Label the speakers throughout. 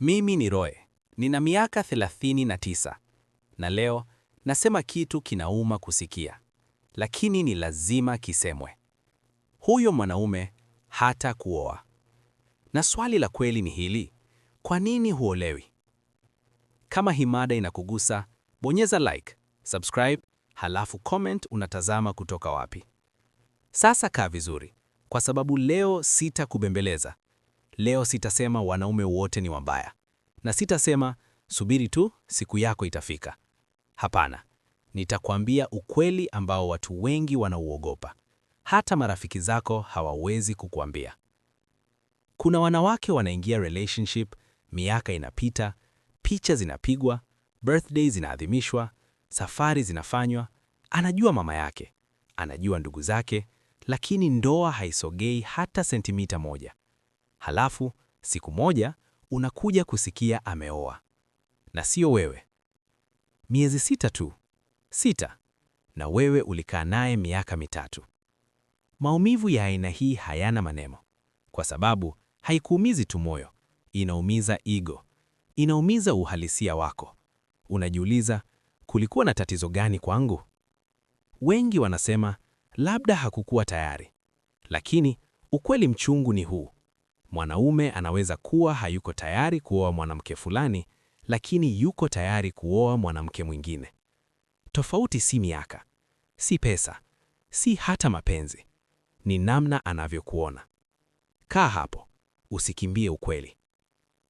Speaker 1: Mimi ni roe Nina miaka 39 na leo nasema kitu kinauma kusikia, lakini ni lazima kisemwe. Huyo mwanaume hata kuoa. Na swali la kweli ni hili, kwa nini huolewi? Kama hii mada inakugusa, bonyeza like, subscribe, halafu comment unatazama kutoka wapi. Sasa kaa vizuri, kwa sababu leo sitakubembeleza leo sitasema wanaume wote ni wabaya, na sitasema subiri tu siku yako itafika. Hapana, nitakwambia ukweli ambao watu wengi wanauogopa, hata marafiki zako hawawezi kukuambia. Kuna wanawake wanaingia relationship, miaka inapita, picha zinapigwa, birthday zinaadhimishwa, safari zinafanywa. Anajua mama yake, anajua ndugu zake, lakini ndoa haisogei hata sentimita moja. Halafu siku moja unakuja kusikia ameoa, na sio wewe. Miezi sita tu, sita, na wewe ulikaa naye miaka mitatu. Maumivu ya aina hii hayana maneno, kwa sababu haikuumizi tu moyo, inaumiza ego, inaumiza uhalisia wako. Unajiuliza, kulikuwa na tatizo gani kwangu? Wengi wanasema labda hakukuwa tayari, lakini ukweli mchungu ni huu: Mwanaume anaweza kuwa hayuko tayari kuoa mwanamke fulani, lakini yuko tayari kuoa mwanamke mwingine. Tofauti si miaka, si pesa, si hata mapenzi, ni namna anavyokuona. Kaa hapo, usikimbie ukweli.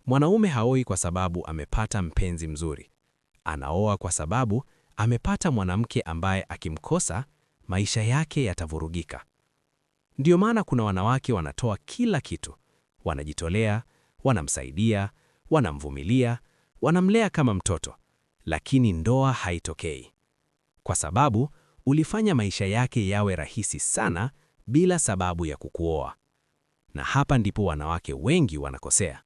Speaker 1: Mwanaume haoi kwa sababu amepata mpenzi mzuri, anaoa kwa sababu amepata mwanamke ambaye akimkosa maisha yake yatavurugika. Ndiyo maana kuna wanawake wanatoa kila kitu wanajitolea, wanamsaidia, wanamvumilia, wanamlea kama mtoto, lakini ndoa haitokei kwa sababu ulifanya maisha yake yawe rahisi sana bila sababu ya kukuoa. Na hapa ndipo wanawake wengi wanakosea.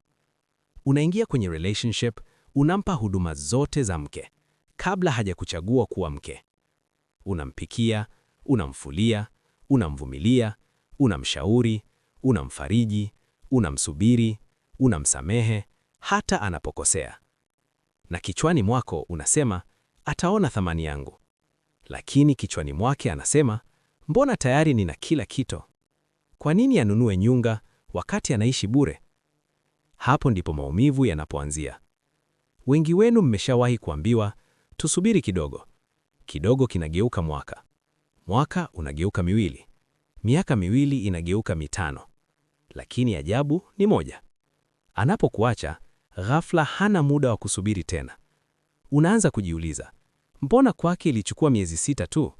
Speaker 1: Unaingia kwenye relationship, unampa huduma zote za mke kabla hajakuchagua kuwa mke. Unampikia, unamfulia, unamvumilia, unamshauri, unamfariji, unamsubiri, unamsamehe hata anapokosea, na kichwani mwako unasema ataona thamani yangu, lakini kichwani mwake anasema mbona tayari nina kila kito Kwa nini anunue nyunga wakati anaishi bure? Hapo ndipo maumivu yanapoanzia. Wengi wenu mmeshawahi kuambiwa tusubiri kidogo. Kidogo kinageuka mwaka, mwaka unageuka miwili, miaka miwili inageuka mitano, lakini ajabu ni moja. Anapokuacha ghafla, hana muda wa kusubiri tena. Unaanza kujiuliza, mbona kwake ilichukua miezi sita tu?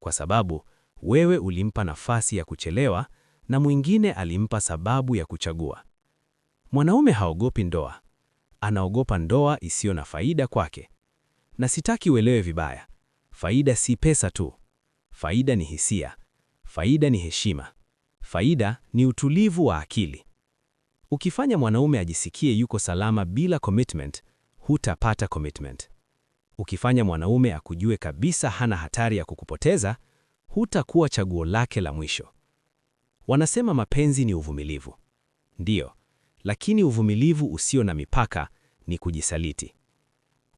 Speaker 1: Kwa sababu wewe ulimpa nafasi ya kuchelewa na mwingine alimpa sababu ya kuchagua. Mwanaume haogopi ndoa, anaogopa ndoa isiyo na faida kwake. Na sitaki uelewe vibaya, faida si pesa tu. Faida ni hisia, faida ni heshima, Faida ni utulivu wa akili. Ukifanya mwanaume ajisikie yuko salama bila commitment, hutapata commitment. Ukifanya mwanaume akujue kabisa hana hatari ya kukupoteza, hutakuwa chaguo lake la mwisho. Wanasema mapenzi ni uvumilivu. Ndiyo, lakini uvumilivu usio na mipaka ni kujisaliti.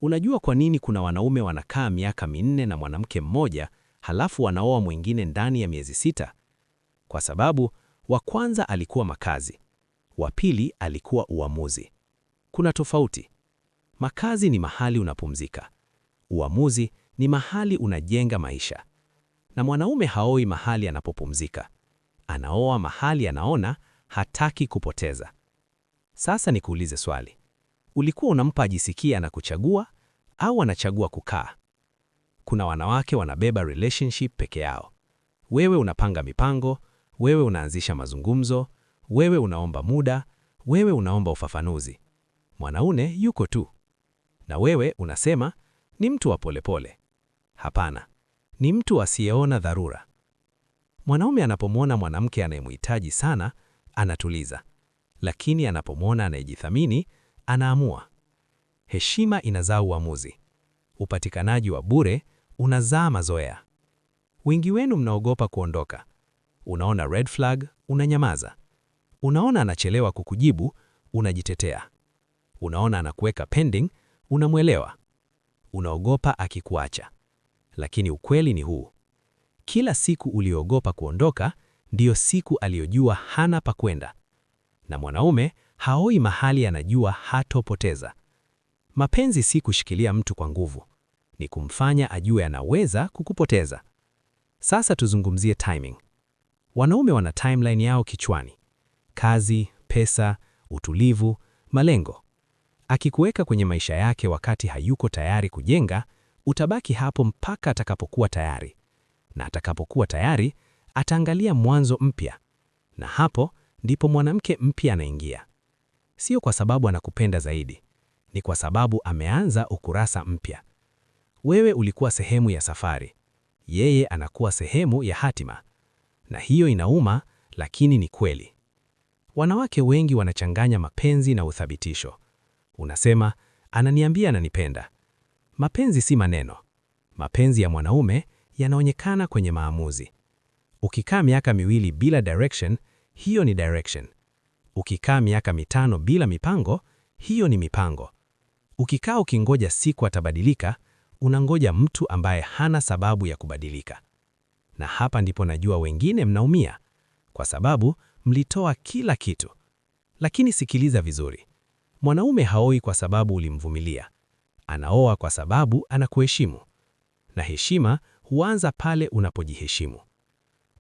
Speaker 1: Unajua kwa nini kuna wanaume wanakaa miaka minne na mwanamke mmoja halafu wanaoa mwingine ndani ya miezi sita? kwa sababu wa kwanza alikuwa makazi, wa pili alikuwa uamuzi. Kuna tofauti. Makazi ni mahali unapumzika, uamuzi ni mahali unajenga maisha. Na mwanaume haoi mahali anapopumzika, anaoa mahali anaona hataki kupoteza. Sasa nikuulize swali, ulikuwa unampa ajisikia na kuchagua au anachagua kukaa? Kuna wanawake wanabeba relationship peke yao, wewe unapanga mipango wewe unaanzisha mazungumzo, wewe unaomba muda, wewe unaomba ufafanuzi. Mwanaume yuko tu, na wewe unasema ni mtu wa polepole Hapana, ni mtu asiyeona dharura. Mwanaume anapomwona mwanamke anayemhitaji sana anatuliza, lakini anapomwona anayejithamini anaamua. Heshima inazaa uamuzi. Upatikanaji wa bure unazaa mazoea. Wengi wenu mnaogopa kuondoka, Unaona red flag, unanyamaza. Unaona anachelewa kukujibu, unajitetea. Unaona anakuweka pending, unamwelewa. Unaogopa akikuacha. Lakini ukweli ni huu. Kila siku uliogopa kuondoka ndiyo siku aliyojua hana pa kwenda. Na mwanaume haoi mahali anajua hatopoteza. Mapenzi si kushikilia mtu kwa nguvu, ni kumfanya ajue anaweza kukupoteza. Sasa tuzungumzie timing. Wanaume wana timeline yao kichwani: kazi, pesa, utulivu, malengo. Akikuweka kwenye maisha yake wakati hayuko tayari kujenga, utabaki hapo mpaka atakapokuwa tayari, na atakapokuwa tayari ataangalia mwanzo mpya, na hapo ndipo mwanamke mpya anaingia. Sio kwa sababu anakupenda zaidi, ni kwa sababu ameanza ukurasa mpya. Wewe ulikuwa sehemu ya safari, yeye anakuwa sehemu ya hatima na hiyo inauma, lakini ni kweli. Wanawake wengi wanachanganya mapenzi na uthabitisho. Unasema, ananiambia ananipenda. Mapenzi si maneno. Mapenzi ya mwanaume yanaonekana kwenye maamuzi. Ukikaa miaka miwili bila direction, hiyo ni direction. Ukikaa miaka mitano bila mipango, hiyo ni mipango. Ukikaa ukingoja siku atabadilika, unangoja mtu ambaye hana sababu ya kubadilika. Na hapa ndipo najua wengine mnaumia, kwa sababu mlitoa kila kitu. Lakini sikiliza vizuri, mwanaume haoi kwa sababu ulimvumilia, anaoa kwa sababu anakuheshimu, na heshima huanza pale unapojiheshimu.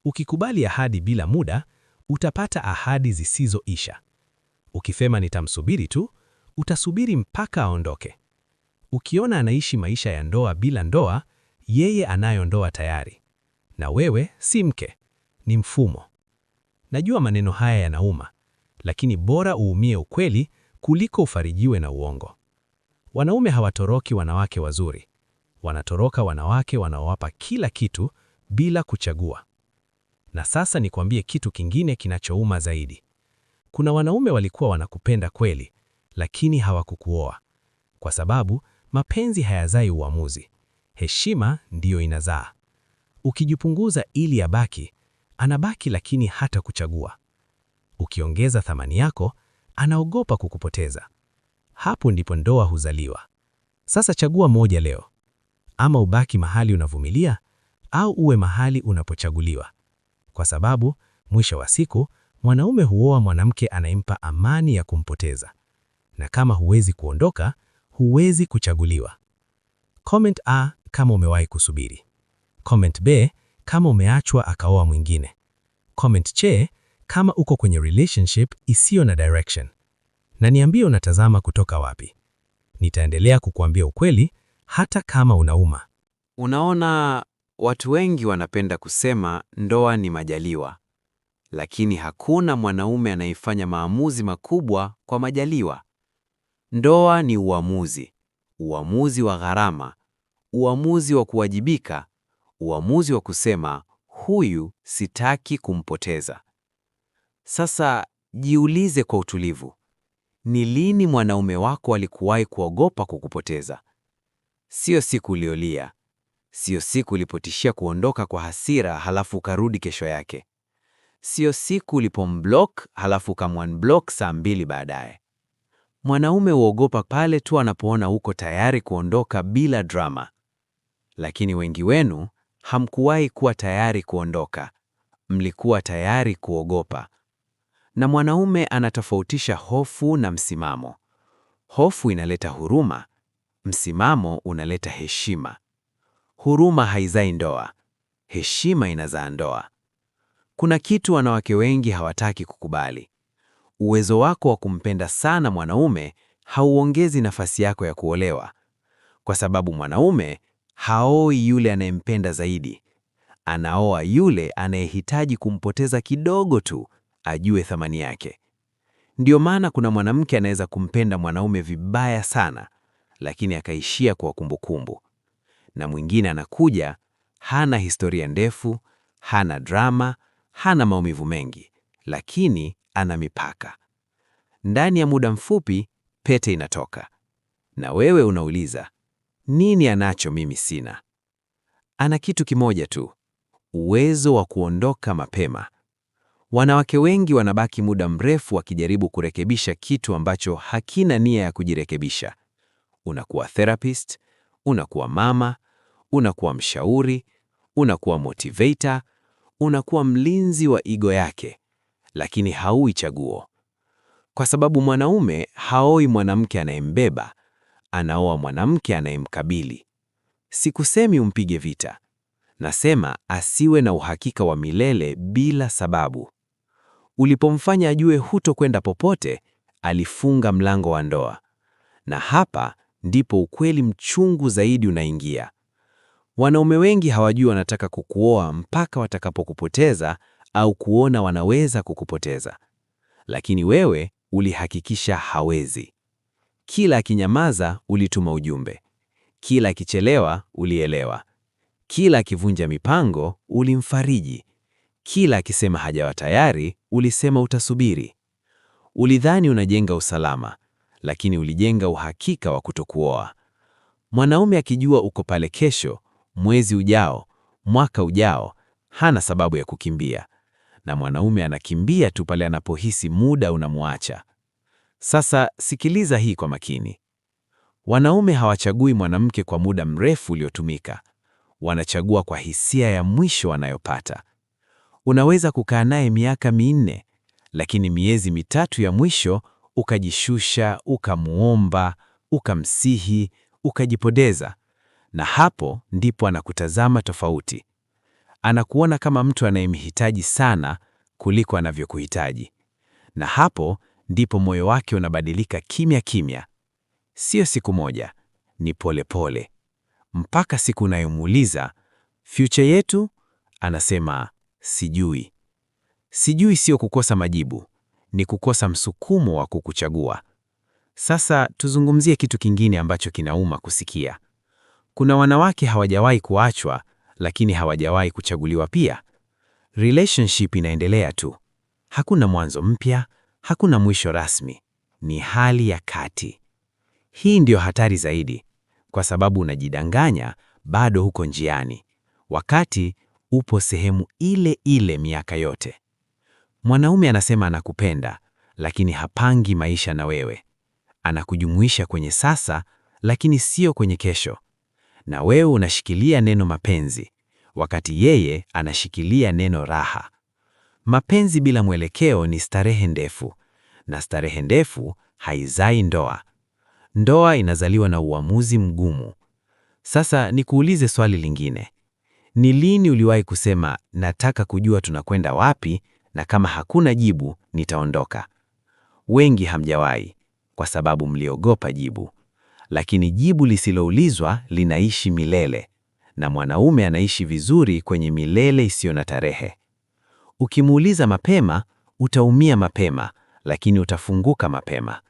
Speaker 1: Ukikubali ahadi bila muda, utapata ahadi zisizoisha. Ukisema nitamsubiri tu, utasubiri mpaka aondoke. Ukiona anaishi maisha ya ndoa bila ndoa, yeye anayo ndoa tayari na wewe si mke, ni mfumo. Najua maneno haya yanauma, lakini bora uumie ukweli kuliko ufarijiwe na uongo. Wanaume hawatoroki wanawake wazuri, wanatoroka wanawake wanaowapa kila kitu bila kuchagua. Na sasa nikwambie kitu kingine kinachouma zaidi. Kuna wanaume walikuwa wanakupenda kweli, lakini hawakukuoa kwa sababu mapenzi hayazai uamuzi, heshima ndiyo inazaa. Ukijipunguza ili abaki, anabaki lakini hata kuchagua. Ukiongeza thamani yako, anaogopa kukupoteza. Hapo ndipo ndoa huzaliwa. Sasa chagua moja leo. Ama ubaki mahali unavumilia au uwe mahali unapochaguliwa. Kwa sababu mwisho wa siku mwanaume huoa mwanamke anayempa amani ya kumpoteza. Na kama huwezi kuondoka, huwezi kuchaguliwa. Comment A kama umewahi kusubiri. Comment B kama umeachwa akaoa mwingine. Comment C kama uko kwenye relationship isiyo na direction. Na niambie unatazama kutoka wapi. Nitaendelea kukuambia ukweli hata kama unauma.
Speaker 2: Unaona, watu wengi wanapenda kusema ndoa ni majaliwa, lakini hakuna mwanaume anayefanya maamuzi makubwa kwa majaliwa. Ndoa ni uamuzi, uamuzi wa gharama, uamuzi wa kuwajibika uamuzi wa kusema huyu sitaki kumpoteza. Sasa jiulize kwa utulivu, ni lini mwanaume wako alikuwahi kuogopa kukupoteza? Sio siku uliolia, sio siku ulipotishia kuondoka kwa hasira halafu ukarudi kesho yake, sio siku ulipomblock halafu ukamwanblock saa mbili baadaye. Mwanaume huogopa pale tu anapoona uko tayari kuondoka bila drama, lakini wengi wenu hamkuwahi kuwa tayari kuondoka, mlikuwa tayari kuogopa. Na mwanaume anatofautisha hofu na msimamo. Hofu inaleta huruma, msimamo unaleta heshima. Huruma haizai ndoa, heshima inazaa ndoa. Kuna kitu wanawake wengi hawataki kukubali. Uwezo wako wa kumpenda sana mwanaume hauongezi nafasi yako ya kuolewa, kwa sababu mwanaume haoi yule anayempenda zaidi, anaoa yule anayehitaji kumpoteza kidogo tu ajue thamani yake. Ndiyo maana kuna mwanamke anaweza kumpenda mwanaume vibaya sana, lakini akaishia kwa kumbukumbu, na mwingine anakuja, hana historia ndefu, hana drama, hana maumivu mengi, lakini ana mipaka. Ndani ya muda mfupi pete inatoka, na wewe unauliza nini anacho mimi sina? Ana kitu kimoja tu, uwezo wa kuondoka mapema. Wanawake wengi wanabaki muda mrefu wakijaribu kurekebisha kitu ambacho hakina nia ya kujirekebisha. Unakuwa therapist, unakuwa mama, unakuwa mshauri, unakuwa motivator, unakuwa mlinzi wa ego yake, lakini haui chaguo. Kwa sababu mwanaume haoi mwanamke anayembeba, anaoa mwanamke anayemkabili. Sikusemi umpige vita, nasema asiwe na uhakika wa milele bila sababu. Ulipomfanya ajue hutokwenda popote, alifunga mlango wa ndoa, na hapa ndipo ukweli mchungu zaidi unaingia. Wanaume wengi hawajui wanataka kukuoa mpaka watakapokupoteza au kuona wanaweza kukupoteza, lakini wewe ulihakikisha hawezi. Kila akinyamaza ulituma ujumbe, kila akichelewa ulielewa, kila akivunja mipango ulimfariji, kila akisema hajawa tayari ulisema utasubiri. Ulidhani unajenga usalama, lakini ulijenga uhakika wa kutokuoa. Mwanaume akijua uko pale kesho, mwezi ujao, mwaka ujao, hana sababu ya kukimbia. Na mwanaume anakimbia tu pale anapohisi muda unamwacha. Sasa sikiliza hii kwa makini. Wanaume hawachagui mwanamke kwa muda mrefu uliotumika. Wanachagua kwa hisia ya mwisho wanayopata. Unaweza kukaa naye miaka minne, lakini miezi mitatu ya mwisho ukajishusha, ukamuomba, ukamsihi, ukajipodeza, na hapo ndipo anakutazama tofauti. Anakuona kama mtu anayemhitaji sana kuliko anavyokuhitaji, na hapo ndipo moyo wake unabadilika kimya kimya. Sio siku moja, ni polepole pole. Mpaka siku unayomuuliza future yetu, anasema sijui. Sijui sio kukosa majibu, ni kukosa msukumo wa kukuchagua. Sasa tuzungumzie kitu kingine ambacho kinauma kusikia. Kuna wanawake hawajawahi kuachwa, lakini hawajawahi kuchaguliwa pia. Relationship inaendelea tu, hakuna mwanzo mpya, Hakuna mwisho rasmi, ni hali ya kati. Hii ndiyo hatari zaidi, kwa sababu unajidanganya bado huko njiani, wakati upo sehemu ile ile miaka yote. Mwanaume anasema anakupenda, lakini hapangi maisha na wewe. Anakujumuisha kwenye sasa, lakini sio kwenye kesho. Na wewe unashikilia neno mapenzi, wakati yeye anashikilia neno raha. Mapenzi bila mwelekeo ni starehe ndefu, na starehe ndefu haizai ndoa. Ndoa inazaliwa na uamuzi mgumu. Sasa nikuulize swali lingine. Ni lini uliwahi kusema nataka kujua tunakwenda wapi, na kama hakuna jibu nitaondoka? Wengi hamjawahi kwa sababu mliogopa jibu. Lakini jibu lisiloulizwa linaishi milele, na mwanaume anaishi vizuri kwenye milele isiyo na tarehe. Ukimuuliza mapema, utaumia mapema, lakini utafunguka mapema.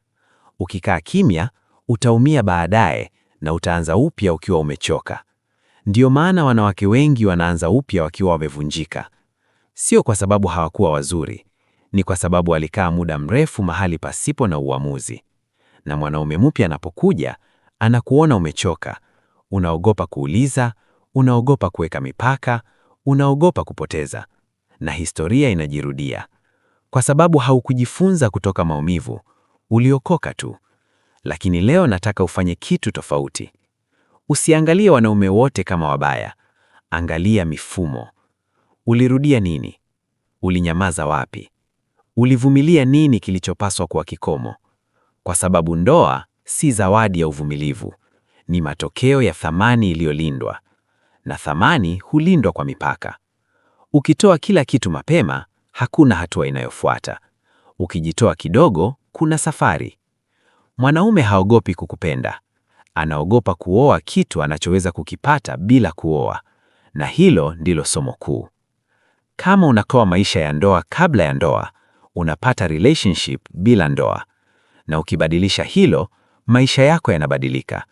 Speaker 2: Ukikaa kimya, utaumia baadaye na utaanza upya ukiwa umechoka. ndio maana wanawake wengi wanaanza upya wakiwa wamevunjika. Sio kwa sababu hawakuwa wazuri, ni kwa sababu walikaa muda mrefu mahali pasipo na uamuzi. Na mwanaume mpya anapokuja, anakuona umechoka, unaogopa kuuliza, unaogopa kuweka mipaka, unaogopa kupoteza na historia inajirudia, kwa sababu haukujifunza kutoka maumivu, uliokoka tu. Lakini leo nataka ufanye kitu tofauti. Usiangalie wanaume wote kama wabaya, angalia mifumo. Ulirudia nini? Ulinyamaza wapi? Ulivumilia nini kilichopaswa kuwa kikomo? Kwa sababu ndoa si zawadi ya uvumilivu, ni matokeo ya thamani iliyolindwa, na thamani hulindwa kwa mipaka. Ukitoa kila kitu mapema, hakuna hatua inayofuata. Ukijitoa kidogo, kuna safari. Mwanaume haogopi kukupenda, anaogopa kuoa kitu anachoweza kukipata bila kuoa, na hilo ndilo somo kuu. Kama unakoa maisha ya ndoa kabla ya ndoa, unapata relationship bila ndoa, na ukibadilisha hilo, maisha yako yanabadilika.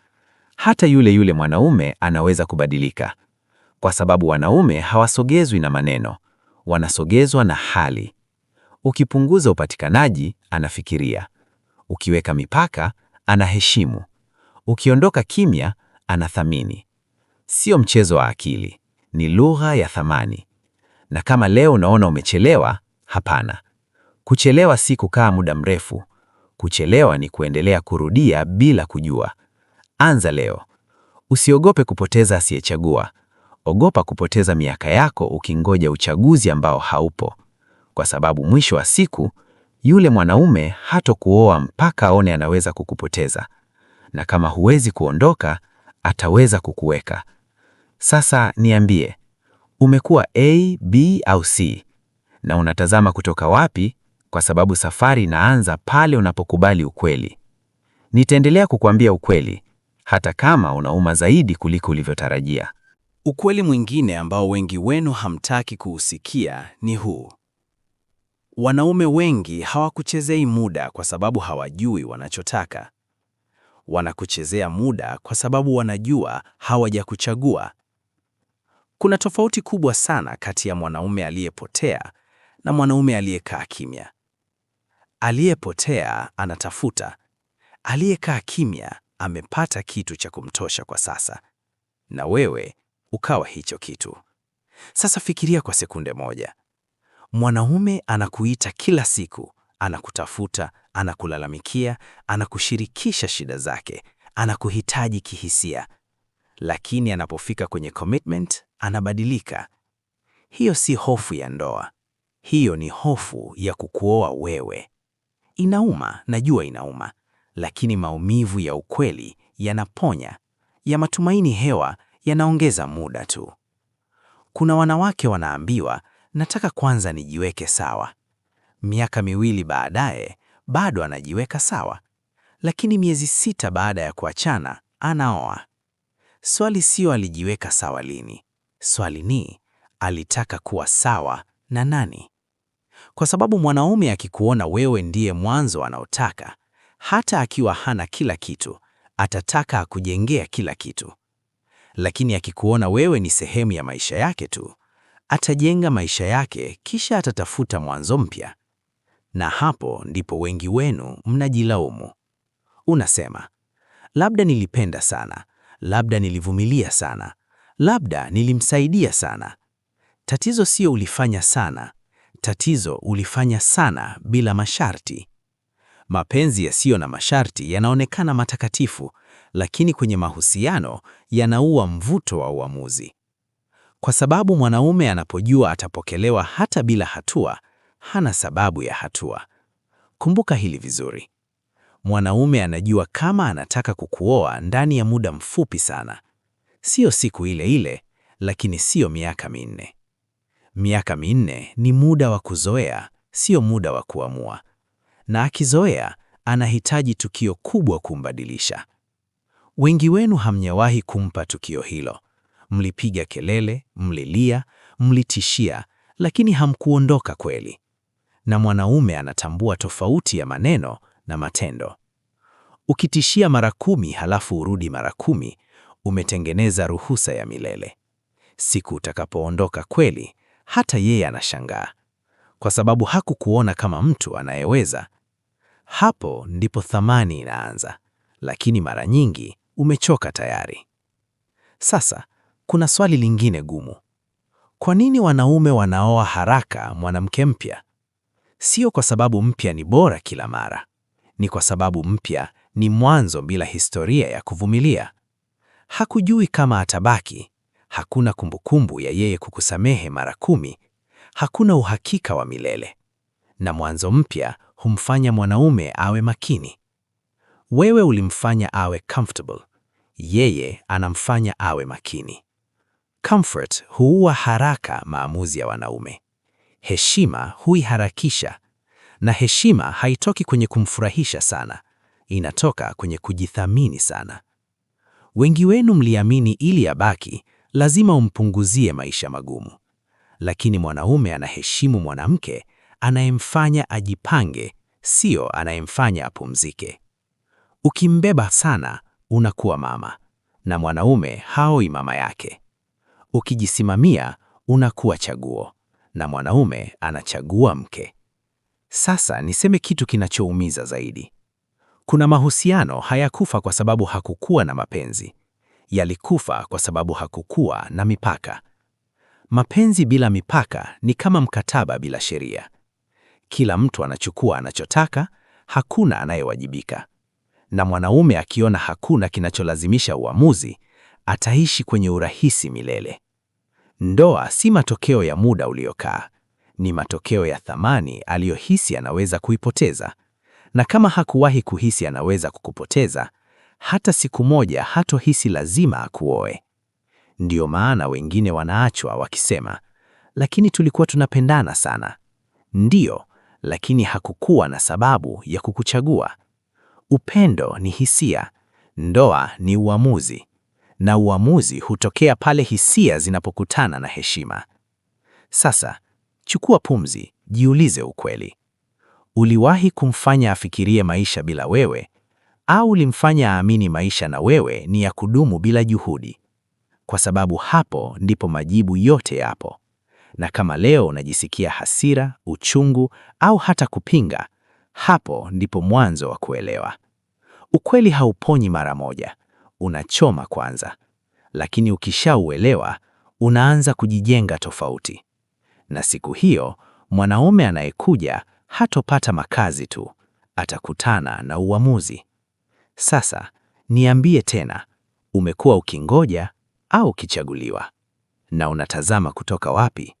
Speaker 2: Hata yule yule mwanaume anaweza kubadilika kwa sababu wanaume hawasogezwi na maneno, wanasogezwa na hali. Ukipunguza upatikanaji, anafikiria. Ukiweka mipaka, anaheshimu. Ukiondoka kimya, anathamini. Sio mchezo wa akili, ni lugha ya thamani. Na kama leo unaona umechelewa, hapana. Kuchelewa si kukaa muda mrefu. Kuchelewa ni kuendelea kurudia bila kujua. Anza leo. Usiogope kupoteza asiyechagua. Ogopa kupoteza miaka yako ukingoja uchaguzi ambao haupo, kwa sababu mwisho wa siku yule mwanaume hatokuoa mpaka aone anaweza kukupoteza, na kama huwezi kuondoka ataweza kukuweka. Sasa niambie, umekuwa A, B au C? Na unatazama kutoka wapi? Kwa sababu safari inaanza pale unapokubali ukweli. Nitaendelea kukuambia ukweli hata kama unauma zaidi kuliko ulivyotarajia. Ukweli mwingine ambao wengi wenu hamtaki kuusikia ni huu. Wanaume wengi hawakuchezei muda kwa sababu hawajui wanachotaka. Wanakuchezea muda kwa sababu wanajua hawajakuchagua. Kuna tofauti kubwa sana kati ya mwanaume aliyepotea na mwanaume aliyekaa kimya. Aliyepotea anatafuta, aliyekaa kimya amepata kitu cha kumtosha kwa sasa. Na wewe ukawa hicho kitu. Sasa fikiria kwa sekunde moja, mwanaume anakuita kila siku, anakutafuta, anakulalamikia, anakushirikisha shida zake, anakuhitaji kihisia, lakini anapofika kwenye commitment anabadilika. Hiyo si hofu ya ndoa, hiyo ni hofu ya kukuoa wewe. Inauma, najua inauma, lakini maumivu ya ukweli yanaponya, ya matumaini hewa yanaongeza muda tu. Kuna wanawake wanaambiwa, nataka kwanza nijiweke sawa. Miaka miwili baadaye bado anajiweka sawa, lakini miezi sita baada ya kuachana anaoa. Swali sio alijiweka sawa lini, swali ni alitaka kuwa sawa na nani? Kwa sababu mwanaume akikuona wewe ndiye mwanzo anaotaka, hata akiwa hana kila kitu, atataka akujengea kila kitu lakini akikuona wewe ni sehemu ya maisha yake tu, atajenga maisha yake, kisha atatafuta mwanzo mpya. Na hapo ndipo wengi wenu mnajilaumu. Unasema, labda nilipenda sana, labda nilivumilia sana, labda nilimsaidia sana. Tatizo sio ulifanya sana, tatizo ulifanya sana bila masharti. Mapenzi yasiyo na masharti yanaonekana matakatifu, lakini kwenye mahusiano yanaua mvuto wa uamuzi. Kwa sababu mwanaume anapojua atapokelewa hata bila hatua, hana sababu ya hatua. Kumbuka hili vizuri. Mwanaume anajua kama anataka kukuoa ndani ya muda mfupi sana. Sio siku ile ile, lakini sio miaka minne. Miaka minne ni muda wa kuzoea, sio muda wa kuamua na akizoea anahitaji tukio kubwa kumbadilisha. Wengi wenu hamjawahi kumpa tukio hilo. Mlipiga kelele, mlilia, mlitishia, lakini hamkuondoka kweli. Na mwanaume anatambua tofauti ya maneno na matendo. Ukitishia mara kumi halafu urudi mara kumi, umetengeneza ruhusa ya milele. Siku utakapoondoka kweli, hata yeye anashangaa, kwa sababu hakukuona kama mtu anayeweza, hapo ndipo thamani inaanza, lakini mara nyingi umechoka tayari. Sasa kuna swali lingine gumu: kwa nini wanaume wanaoa haraka mwanamke mpya? Sio kwa sababu mpya ni bora kila mara, ni kwa sababu mpya ni mwanzo bila historia ya kuvumilia. Hakujui kama atabaki, hakuna kumbukumbu ya yeye kukusamehe mara kumi, hakuna uhakika wa milele, na mwanzo mpya humfanya mwanaume awe makini. Wewe ulimfanya awe comfortable, yeye anamfanya awe makini. Comfort huua haraka maamuzi ya wanaume, heshima huiharakisha, na heshima haitoki kwenye kumfurahisha sana, inatoka kwenye kujithamini sana. Wengi wenu mliamini ili abaki lazima umpunguzie maisha magumu, lakini mwanaume anaheshimu mwanamke anayemfanya ajipange, sio anayemfanya apumzike. Ukimbeba sana, unakuwa mama na mwanaume haoi mama yake. Ukijisimamia, unakuwa chaguo na mwanaume anachagua mke. Sasa niseme kitu kinachoumiza zaidi. Kuna mahusiano hayakufa kwa sababu hakukuwa na mapenzi. Yalikufa kwa sababu hakukuwa na mipaka. Mapenzi bila mipaka ni kama mkataba bila sheria. Kila mtu anachukua anachotaka, hakuna anayewajibika. Na mwanaume akiona hakuna kinacholazimisha uamuzi, ataishi kwenye urahisi milele. Ndoa si matokeo ya muda uliokaa, ni matokeo ya thamani aliyohisi anaweza kuipoteza. Na kama hakuwahi kuhisi anaweza kukupoteza, hata siku moja hatohisi lazima akuoe. Ndiyo maana wengine wanaachwa wakisema, lakini tulikuwa tunapendana sana. Ndiyo, lakini hakukuwa na sababu ya kukuchagua. Upendo ni hisia, ndoa ni uamuzi, na uamuzi hutokea pale hisia zinapokutana na heshima. Sasa chukua pumzi, jiulize ukweli. Uliwahi kumfanya afikirie maisha bila wewe au ulimfanya aamini maisha na wewe ni ya kudumu bila juhudi? Kwa sababu hapo ndipo majibu yote yapo. Na kama leo unajisikia hasira, uchungu au hata kupinga, hapo ndipo mwanzo wa kuelewa. Ukweli hauponyi mara moja, unachoma kwanza. Lakini ukishauelewa, unaanza kujijenga tofauti. Na siku hiyo, mwanaume anayekuja hatopata makazi tu, atakutana na uamuzi. Sasa, niambie tena, umekuwa ukingoja au ukichaguliwa? Na unatazama kutoka wapi?